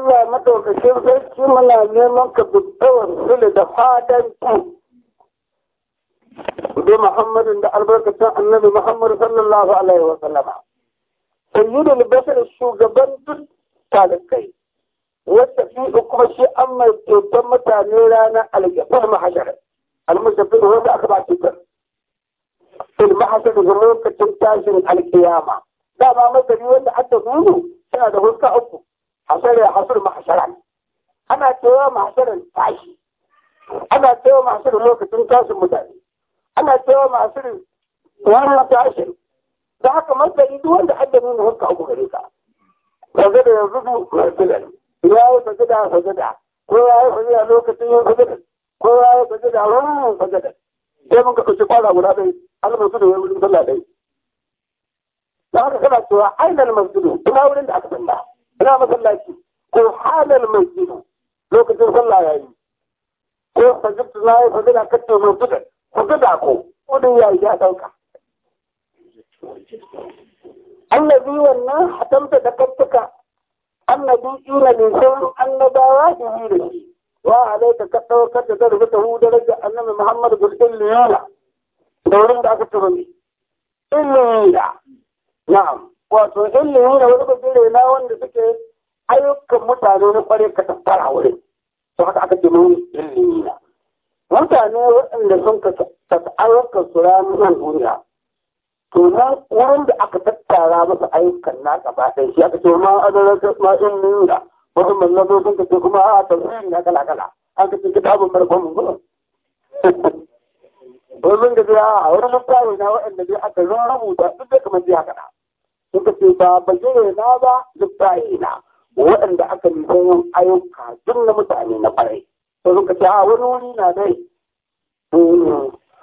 Allah madaukakin sarki muna neman ka dukkan sule da fadan ku. Bi Muhammadin da albarkacin annabi Muhammad sallallahu alaihi wa sallama. al Bashir shugaban duk talakai. Wata fi kuma shi an mai ceton mutane ranar alƙafar mahajara. Almusafi wanda aka ba cutar. Ilmahasar da lokacin tashin alƙiyama. Dama mazari wanda aka gudu suna da huska uku. asali ya hasar mahasara ana cewa mahasarar tashi ana cewa mahasarar lokacin tashin mutane ana cewa mahasarar wannan tashin da haka yi duk wanda adda nuna hukka abu gare ka kaga da yanzu du marsilan ya yi fajida fajida ko ya yi fajida lokacin yin fajida ko ya yi fajida wannan fajida sai mun ka ɗauki kwara guda alamun su da wani sallah ɗaya da haka kana cewa ainihin masjidu ina wurin da aka sanda ina masallaci ko halal masjidu lokacin sallah yi ko sajibtu na yi fadila kace mai tuda ko gida ko kudin yi ya dauka annabi wannan hatamta da kattuka annabi ina ne sauran annabawa da yi da shi wa alaika ka daukar da zarfi ta hu daraja annabi muhammad bin liyola da wurin da aka tura ilmi da na'am wato in ne wani bangare na wanda suke ayyukan mutane na kware ka tattara wurin to haka aka ce mun ilimi na mutane waɗanda sun ka ayyukan su ranar duniya to na wurin da aka tattara masa ayyukan na gaba ɗaya shi aka ce ma adalar ma ilimi na wasu mallaka sun ka ce kuma a tafsiri na kala kala aka ce kitabun farkon mu Wani zan gaji a wani mutane na waɗanda dai aka zo rubuta duk da kamar jiya kaɗa. suka ce ba bagire na ba zubtayi na waɗanda aka yin ayyuka duk na mutane na ƙwarai. sai suka ce a wani wuri na dai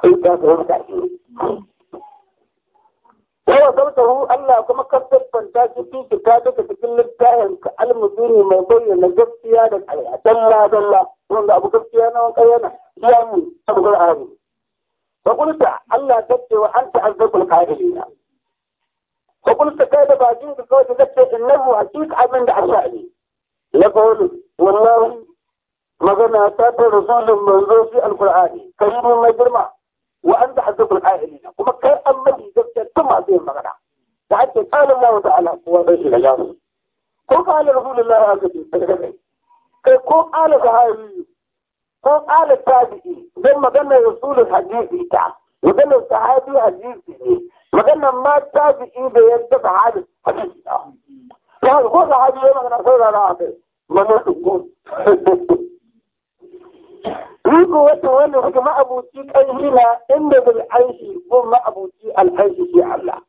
kai ta sai mutane yawa sautahu Allah kuma kasar fanta shi fi ta duka cikin littafin ka almuzini mai bayyana gaskiya da ƙarya dalla dalla wanda abu gaskiya na wani ƙarya na iya mu tabbar ari. Fakulta Allah ta ce wa an ta'azzakul ka'ilina. ko kun ta kai da bakin ka kawai ka ce innahu hakika abin da Allah ne ya kawo wallahi magana ta ta rasulun manzo fi alqur'ani karimin mai girma wa anta hazzul qa'ilin kuma kai annabi gaskiya ta masu yin magana da ake kala Allah ta'ala kuwa bai da jaru ko kala rasulullahi sallallahu alaihi wasallam kai ko kala sahabi ko kala tabi'i dan magana rasulun hadisi ta magana sahabi hadisi ne maganar ma ta fi da yadda ta hali hadisi ta hali ko ta hali ya magana saurara a kai mana ɗungu Riko wata wanda kuka ma'abuci kan hila inda zai aishi ko ma'abuci al'aishi shi Allah.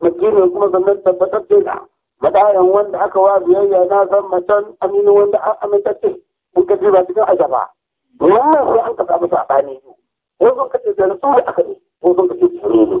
ne kuma sannan tabbatar da madayan wanda aka wa biyayya na san macen aminu wanda an amintacce in ka ba cikin ajaba wannan sai an ka samu sabani wasu ka ce da rasu da aka ne wasu ka ce tsoro ne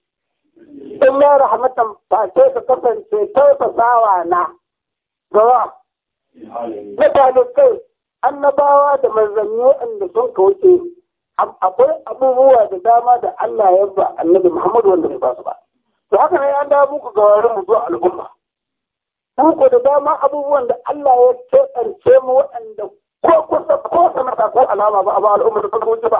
in ya rahmatan face ka kasance tausasawa na gawa na talibai annabawa da manzanni waɗanda sun ka wuce akwai abubuwa da dama da Allah ya ba annabi Muhammadu wanda bai ba su ba to haka ne an dawo muku ga warin mu zuwa al'umma ko da dama abubuwan da Allah ya keɓance mu waɗanda ko kusa ko sanata ko alama ba a ba al'umma da suka wuce ba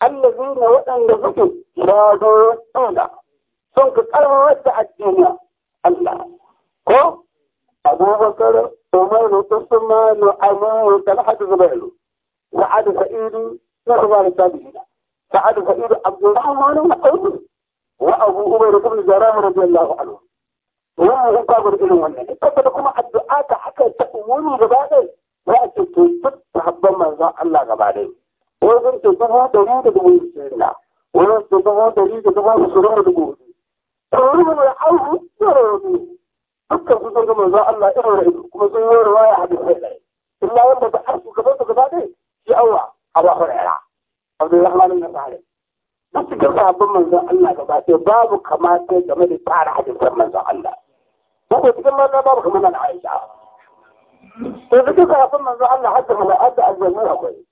allazina waɗanda suke la yu'minuna sun ka kalmar da addini Allah ko Abubakar Umar Usman Amr Talhat Zubair Sa'ad Sa'id Nahbar Tabi'in Sa'ad Sa'id Abdurrahman wa awd wa Abu Umar ibn Jarrah radiyallahu anhu wa hu kabar irin wannan ita kuma addu'a ta haka ta umuri gaba ɗaya za a ce to duk sahabban manzon Allah gaba ɗaya wajen ta zama ɗari da dubu ishirin wajen ta zama ɗari da dubu ishirin da dubu hudu. Ɗauri da mai auku yara wani dukkan su sun ga manzon Allah irin ra'idu kuma sun yi ruwa ya haɗu sai ɗaya. Illa wanda ta arzu gaban su gaba ɗaya shi awa a ba hurera. Abdullahi bin Nasari. Duk cikin sabbin manzon Allah gaba ɗaya babu kamata game da tsara hadisan manzon Allah. Bakwai cikin babu na cikin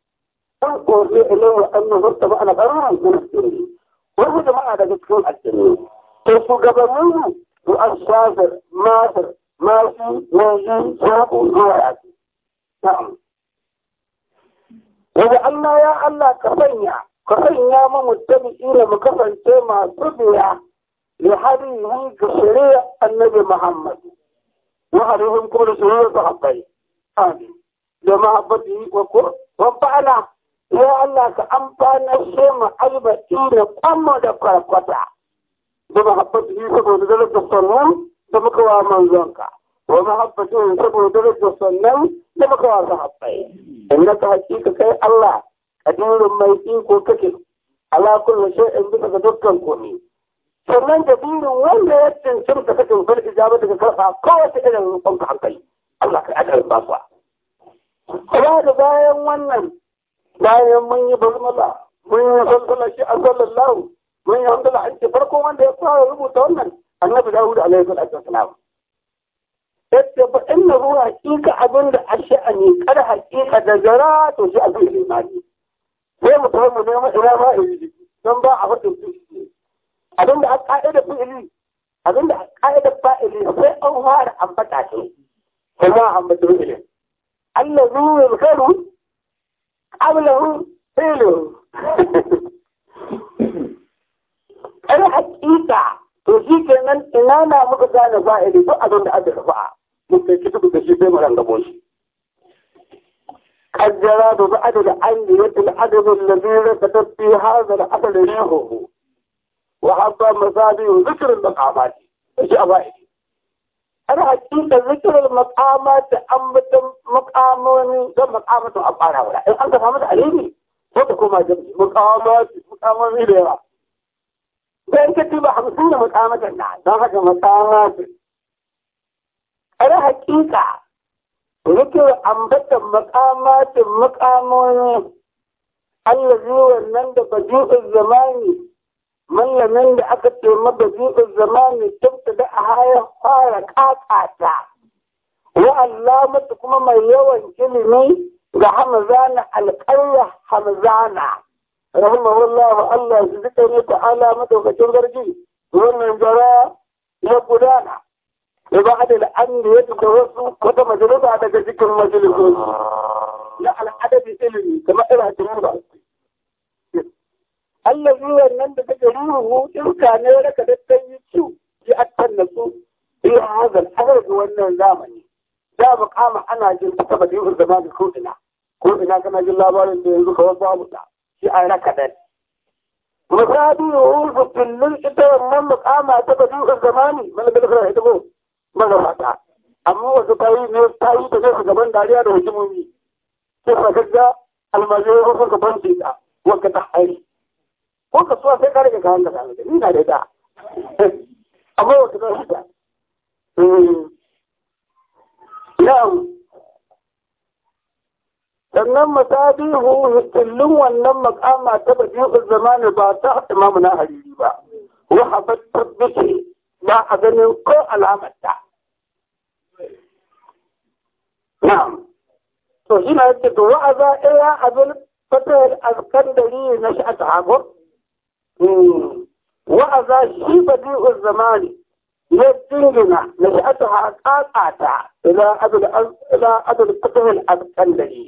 تنقل إليه أنه اتبعنا برارا من السنين wasu jama'a daga cikin addini to gabanin mu to al-shafir masir masu yanzu zaɓu zuwa yaƙi Daga Allah ya Allah ka sanya, ka sanya mu mutane ina mu kasance masu biya li hadihi ga shari'a annabi Muhammad. Wa kuma da shari'a sahabbai. Amin. Da mahabbati wa ko wa ba'ala ya Allah ka amfanar shi mu albaɗi da kwamma da kwarkwata da mahabbatu yi saboda darajar sannan da muka wa ka. wa mahabbatu yi saboda darajar sannan da muka wa sahabbai inda ka hakika kai Allah dinin mai iko kake ala kullu shay'in bisa ga dukkan komai sannan da dinin wanda ya ka kake bar ijaba daga karfa kowace irin rukun ka hankali Allah ka ba ku kuma da bayan wannan bayan mun yi basmala mun yi sallallahu shi sallallahu mun yi hamdala hajji farko wanda ya fara rubuta wannan annabi dawud alaihi salatu wasalam yadda ba in na ruwa hakika abin da ashe a ne kada hakika da zara to shi a zai imani sai mu tafi mu nema ina ma ilimi don ba a faɗin su shi abin da a ƙa'ida fi'ili abin da a ƙa'ida fa'ili sai an fara ambata shi kuma ambata fi'ilin Allah zuwa khairun ablahu filu ɗan haƙiƙa to shi kenan ina na muka gane fa'ili duk abin da aka fa'a mun kai kitu da shi sai mu rangabo shi قدر har da hoho. في هذا العدد ريحه zikirin مصادر ذكر da shi a أبائي ana hakika zikirar makama da ambatan makamoni zan makamatan a ƙara wula in an ka masa da alimi ko ta koma jami'i makamati makamoni da yawa dan ka ba hamsin da makamatan na don haka makamati ana hakika zikirar ambatan makamatan makamoni Allah zuwan nan da baju'in zamani mallamin da aka ce zuɗa zamani tabta da a haya fara kakata wa Allah mata kuma mai yawan ilimi ga hamzana alƙarya hamzana rahimahullahu Allah su zika ji ɗari ta'ala madaukakin gargi wannan jara ya gudana ya ba da an da ya tuka wasu wata majalisa daga cikin majalisoci na al'adabi ilimi kamar irin ba Allah ruwan nan da take ruhu iska ne raka da ta yi ciwo ji attan na su ila hazal har wannan zamani za mu kama ana jin ta ba da zamani zama da ko ina ko ina kana jin labarin da yanzu kawai babu da shi an raka dan misali ruhu fillin ita wannan mukama ta ba da zamani mana da fara ita ko mana fata amma wasu tayi ne tayi ta kai gaban dariya da hukumomi sai ka ga almajirai ko ka banci ta wakka ta hari ko kasuwa sai ka rage kayan da kayan ni na da ita akwai wata kan haka na'am sannan masabihu kullum wannan makama ta badi'ul zamani ba ta imamu na hariri ba wa habat tabbiki ba a ganin ko alamarta na'am to shi na yake to wa'aza ila abin fatar askandari na shi a sahabu Hmm. wa'aza shi badi'ul zamani ya dingina na sha'atu ha tsatsa ila abul ila abul fatahul alqandari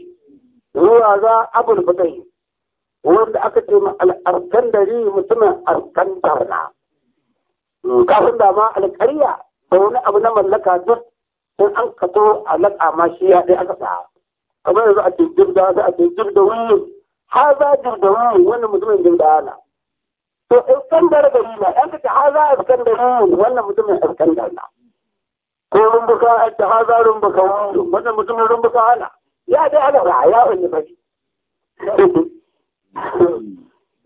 ruwa za abin fatahi wanda aka ce ma alqandari mutumin alqandar na kafin da ma alƙariya da wani abu na mallaka duk sun an kato a laƙa ma shi ya ɗaya aka sa kamar yanzu a ce jirga za a ce jirda wuyi ha za jirda wuyi wani mutumin jirga na to iskandar gari na an ka haza iskandar wannan mutumin iskandar na ko rumbuka an ta haza rumbuka wani wannan mutumin rumbuka ana ya dai ana ba ya wani bari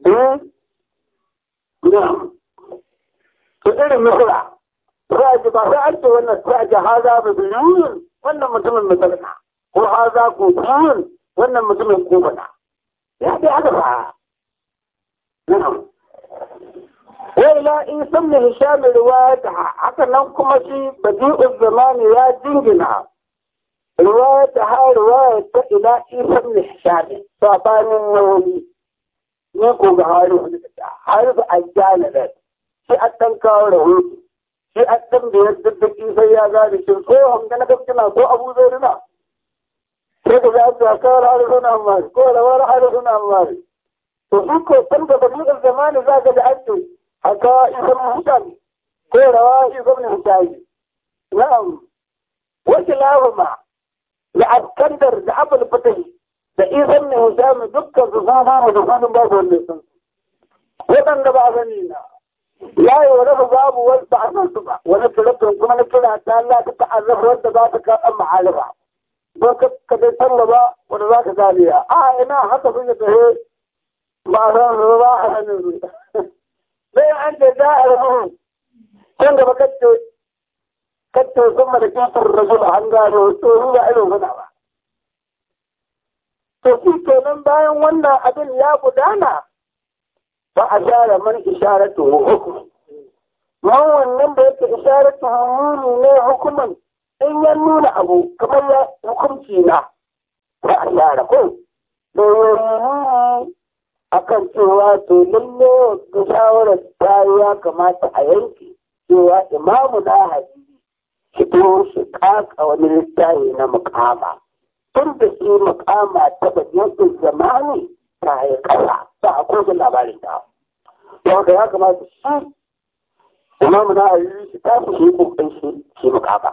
eh? to irin nukura ba. a ji ba sai an ce wannan za a ji haza ba biyun wannan mutumin musulma ko haza ko biyun wannan mutumin ko bana ya dai ana ba na'am wala in san mai ruwa riwayata haka nan kuma shi badi'u zamani ya jingina riwayata ha riwayata ila isan da hisham sabanin nauni ne ko ga ba a ajjala da shi a kan kawo rahoto shi a kan da yadda da sai ya gane shi ko hanga na gaskina ko abu zai rina sai da za su kawo haru suna mari ko rawar haru suna mari to duk kun ga dalilin zamani za ga da ake haka ibn hisham ko rawa ibn hisham na'am wasu lahuma da askandar da abul fatai da izan ne hisham dukkan su sun da sanin babu wanda sun waɗanda ba sani na ya yi wani babu wasu ba a san su ba wani kuma na kira ta Allah ta ta'arrafa wanda za ka za ka gane a ina haka sun yi Masu ruwa a hannun ruwa. Zai an da za a rahu, can gaba katto, katto sun mada kyautar rasu da an gano, to ruwa irin guda ba. To shi kenan bayan wannan abin ya gudana, ba a share man isharatu hukum. Man wannan da yake isharatu hukumi ne hukuman in ya nuna abu kamar ya hukunci na. Ba a share ko. Da akan cewa to lalle ga shawarar ta ya kamata a yanke cewa imamu na hadisi shi to shi kaka wani littafi na mukama tun da shi mukama ta bayyana zamani ta yi kasa ba a kogin labarin ta don ka ya kamata shi imamu na hadisi ta fi shi kokarin shi shi mukama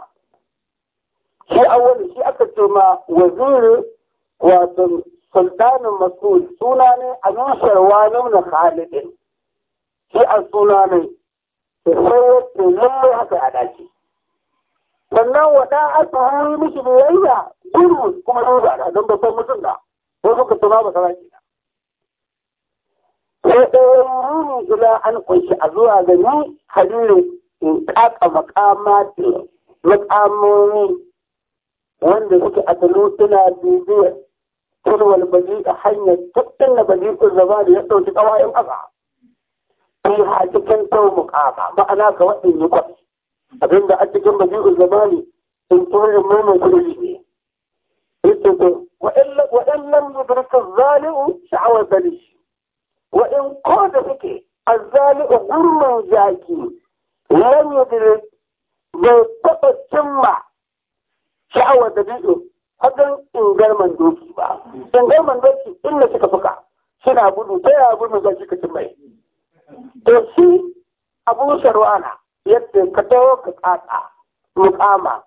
shi wani shi aka ce ma waziri wato sultanin mas'ud suna ne a nusarwa nuna khalidin shi a suna ne da sai lallai haka a dace sannan wada aka hanyoyi mishi biyayya gurmus kuma duba da don babban mutum da ko suka tuma ba sana ke sai ɗaya nuni ila an ƙunshi a zuwa ga ni hadirin in kaka makamatin makamomi wanda suke a talutuna bibiyar turwal baji a hanyar da baji ko zama da ya ɗauki ƙawayen ƙasa fi ha cikin tau muƙama ma'ana ga waɗin yi kwas abinda a cikin baji ko zama ne in turin mai kuri ne yake ko wa'in lam yudrika zali'u sha'awar bali wa'in ko da suke Zali'u gurman zaki lam yudrik bai taɓa cimma sha'awar biyu!" hadin ingarman doki ba ingarman doki inda suka fuka suna gudu ta yaya gudu za shi kacin mai to shi abu sharwana yadda ka dawo ka tsatsa mukama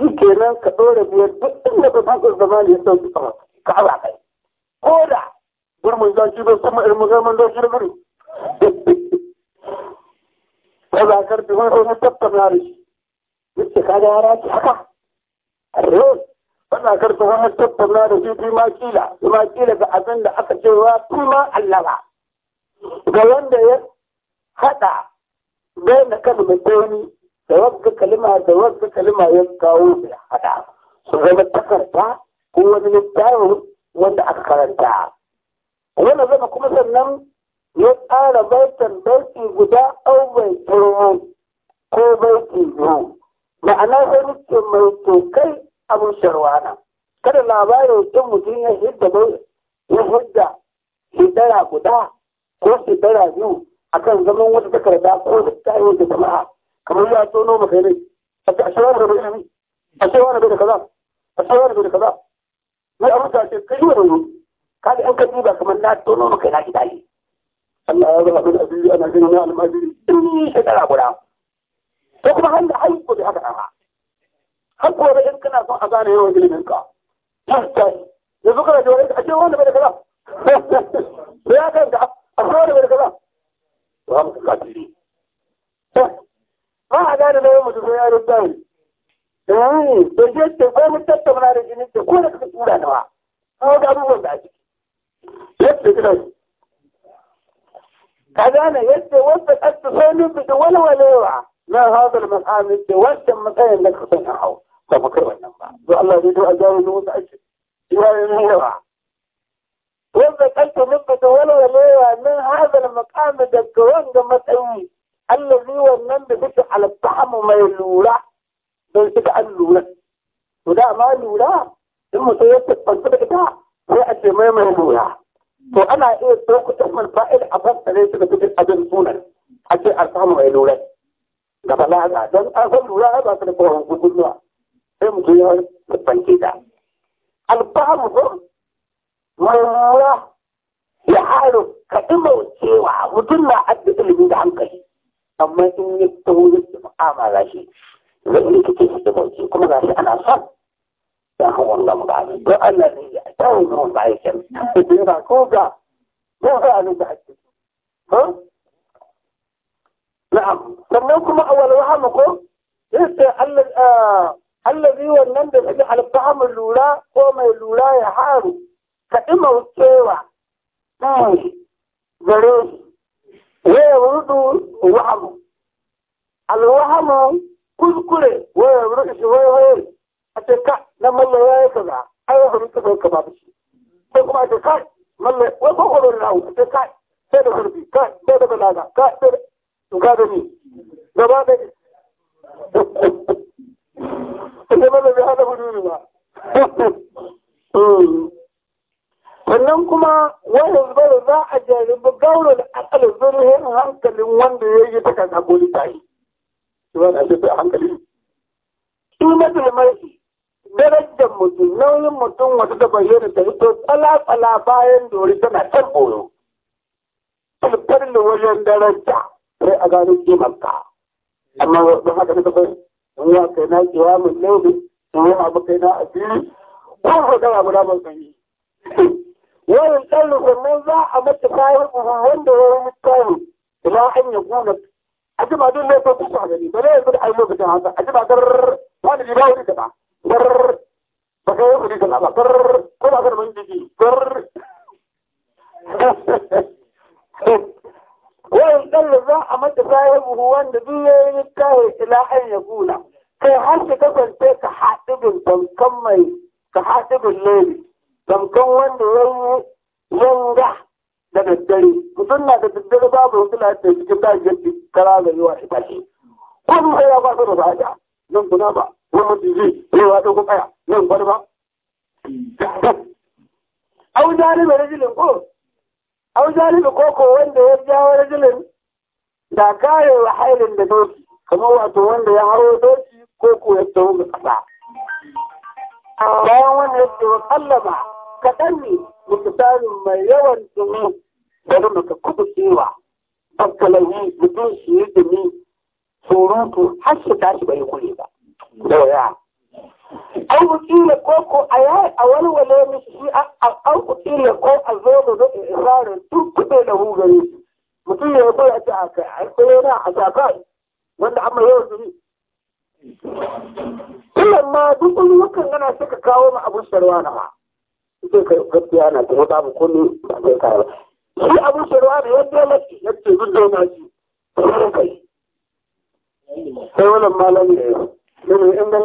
shi kenan ka ɗora biyar duk inda ka tsatsa zamani ya sauki kama ka hawa kai ko da gurmun za shi bai sama ilmu garman doki da gudu ba za ka rufe wani tattauna da shi yadda ka ga yara ce haka a faɗa karka wani tattauna da shi ma kila ma kila ga abin da aka ce wa kuma Allah ba ga wanda ya haɗa bai na kalmatoni da wasu kalima da wasu kalima ya kawo su haɗa su zama takarda ko wani littafin wanda aka karanta wani zama kuma sannan ya tsara baitan baiti guda au bai ko baiti biyu ma'ana sai nake mai kai abin sharwana kada labarin ɗin mutum ya hidda ya hidda dara guda ko dara biyu a kan zaman wata takarda ko da ta yi wata jama'a kamar ya tono maka ne a shawar da bai a shawar da kaza a shawar da kaza mai abuta ce kai wa ne ka da ɗan ka duba kamar na tono maka na gida ne Allah ya zama bin asiri ana gina na almajiri in dara guda ko kuma har da haihu da haka har gobe in kana son a gane yawan ilimin ka tattali yanzu kana da wani a cikin wanda bai da kaza da ya kai da a kuma wanda bai da kaza Ba haka ka tiri ba a gane da yawan mutum ya rinta ne eh Da je ce ko mun tattauna da jinin ce ko da kake tura da ba ko da abubuwan da ake yadda kina ka gane yadda wasu ƙasa sai nufi da walwalewa ما هذا المكان اللي وانت مكان لك خطينا حول تفكر وانما الله يدعو أجاوز ومتأجد يوالي نهيرا وإذا قلت منك دولة ليه من هذا المكان ده الجوان ده متأوي الذي هو ونن بس على الطعم وما يلولا بس كده اللولا وده ما يلولا ثم تيسر تنطبق ده ويأتي ما يلولا وأنا إيه توقف من فائل أفضل ليس بكتب أبن سونا أتي أرقام ويلولا da balaga don an san lura ai ba ka da kowane gudunwa sai mu je babban gida alfahamu ko maimuwa ya haro ka imaucewa mutum na adda ilimin da hankali amma in ya ta wurin da mu'amala shi zai yi kake shi imauce kuma ga shi ana son da hawan lamu ga abin don Allah ne ya ta wurin ba ya kyan da ko ga ko ga abin da ake waham sannan kuma awal waham ko yace Allah allazi wannan da suke alfahamin lura ko mai lura ya haru ka ɗima wucewa gare shi waya rudu wahamu alwahamu kuskure waya rudu shi waya waya a ce ka na malla ya yi kaza ai ya hurta sai ka babu shi ko kuma a ce ka malla wai ko ko na a ce ka sai da hurbi ka sai da balaga ka sai da ga da ni gaba da ni inda ba hmm. sannan kuma wani zubar za a ba gauro da akala zurhin hankalin wanda ya yi takan hakuri ta yi shi da na shi sai hankali kimatar mai darajar mutum nauyin mutum wata da bayyana ta hito tsala-tsala bayan dori tana can boyo da wajen daraja sai a gano kimarka amma don haka suka bai in ya kai na kiyamun laili in yi abu kai na asiri ko ko da abu na ban wani tsallu sannan za a mata kayan uhu wanda ya yi kayan ila an ya gona a ji ba don laifin kusa gani ba laifin da ainihin lokacin haka a ji ba gar wani riba wuri da ba gar ba kai yi kudi da ba gar ko ba gar mun jiki gar wayan za a mata sayar buhu wanda duk ya yi kayan ilahan ya gula kai har shi kasance ka bin tamkan mai ka bin lori tamkan wanda ya yi yanga da daddare ku na da daddare babu wasu lafiya cikin daji yadda kara da yawa shi bashi ko mu kai ya kwaso da baya nan kuna ba nan mutum zai yi wa ɗauko kaya nan kwalba. Au jani mai rajilin ko au zalibi koko wanda ya jawo rajulin da kare wa hailin da doki kamar wato wanda ya haro doki ko ko ya taho ga kasa bayan wannan yadda wa kallama kaɗan ni misalin mai yawan da bari maka kudu cewa bakkalahi mutum shi yi dumi surutu har shi tashi bai kure ba an kutila ko ko a yayi a wani wale mishi shi an kutila ko a zo da zo in isarin kuɗe da hugare mutum ya bai a ce a kai a tsaye na a shafa wanda amma yau zuri kullum ma duk wani wakan gana suka kawo ma abun sharwa na ma sai kai gaskiya na ta wata ko ne ba zai kai ba shi abun sharwa na yadda ya lafi ya ce zuwa na shi sai wani malami ne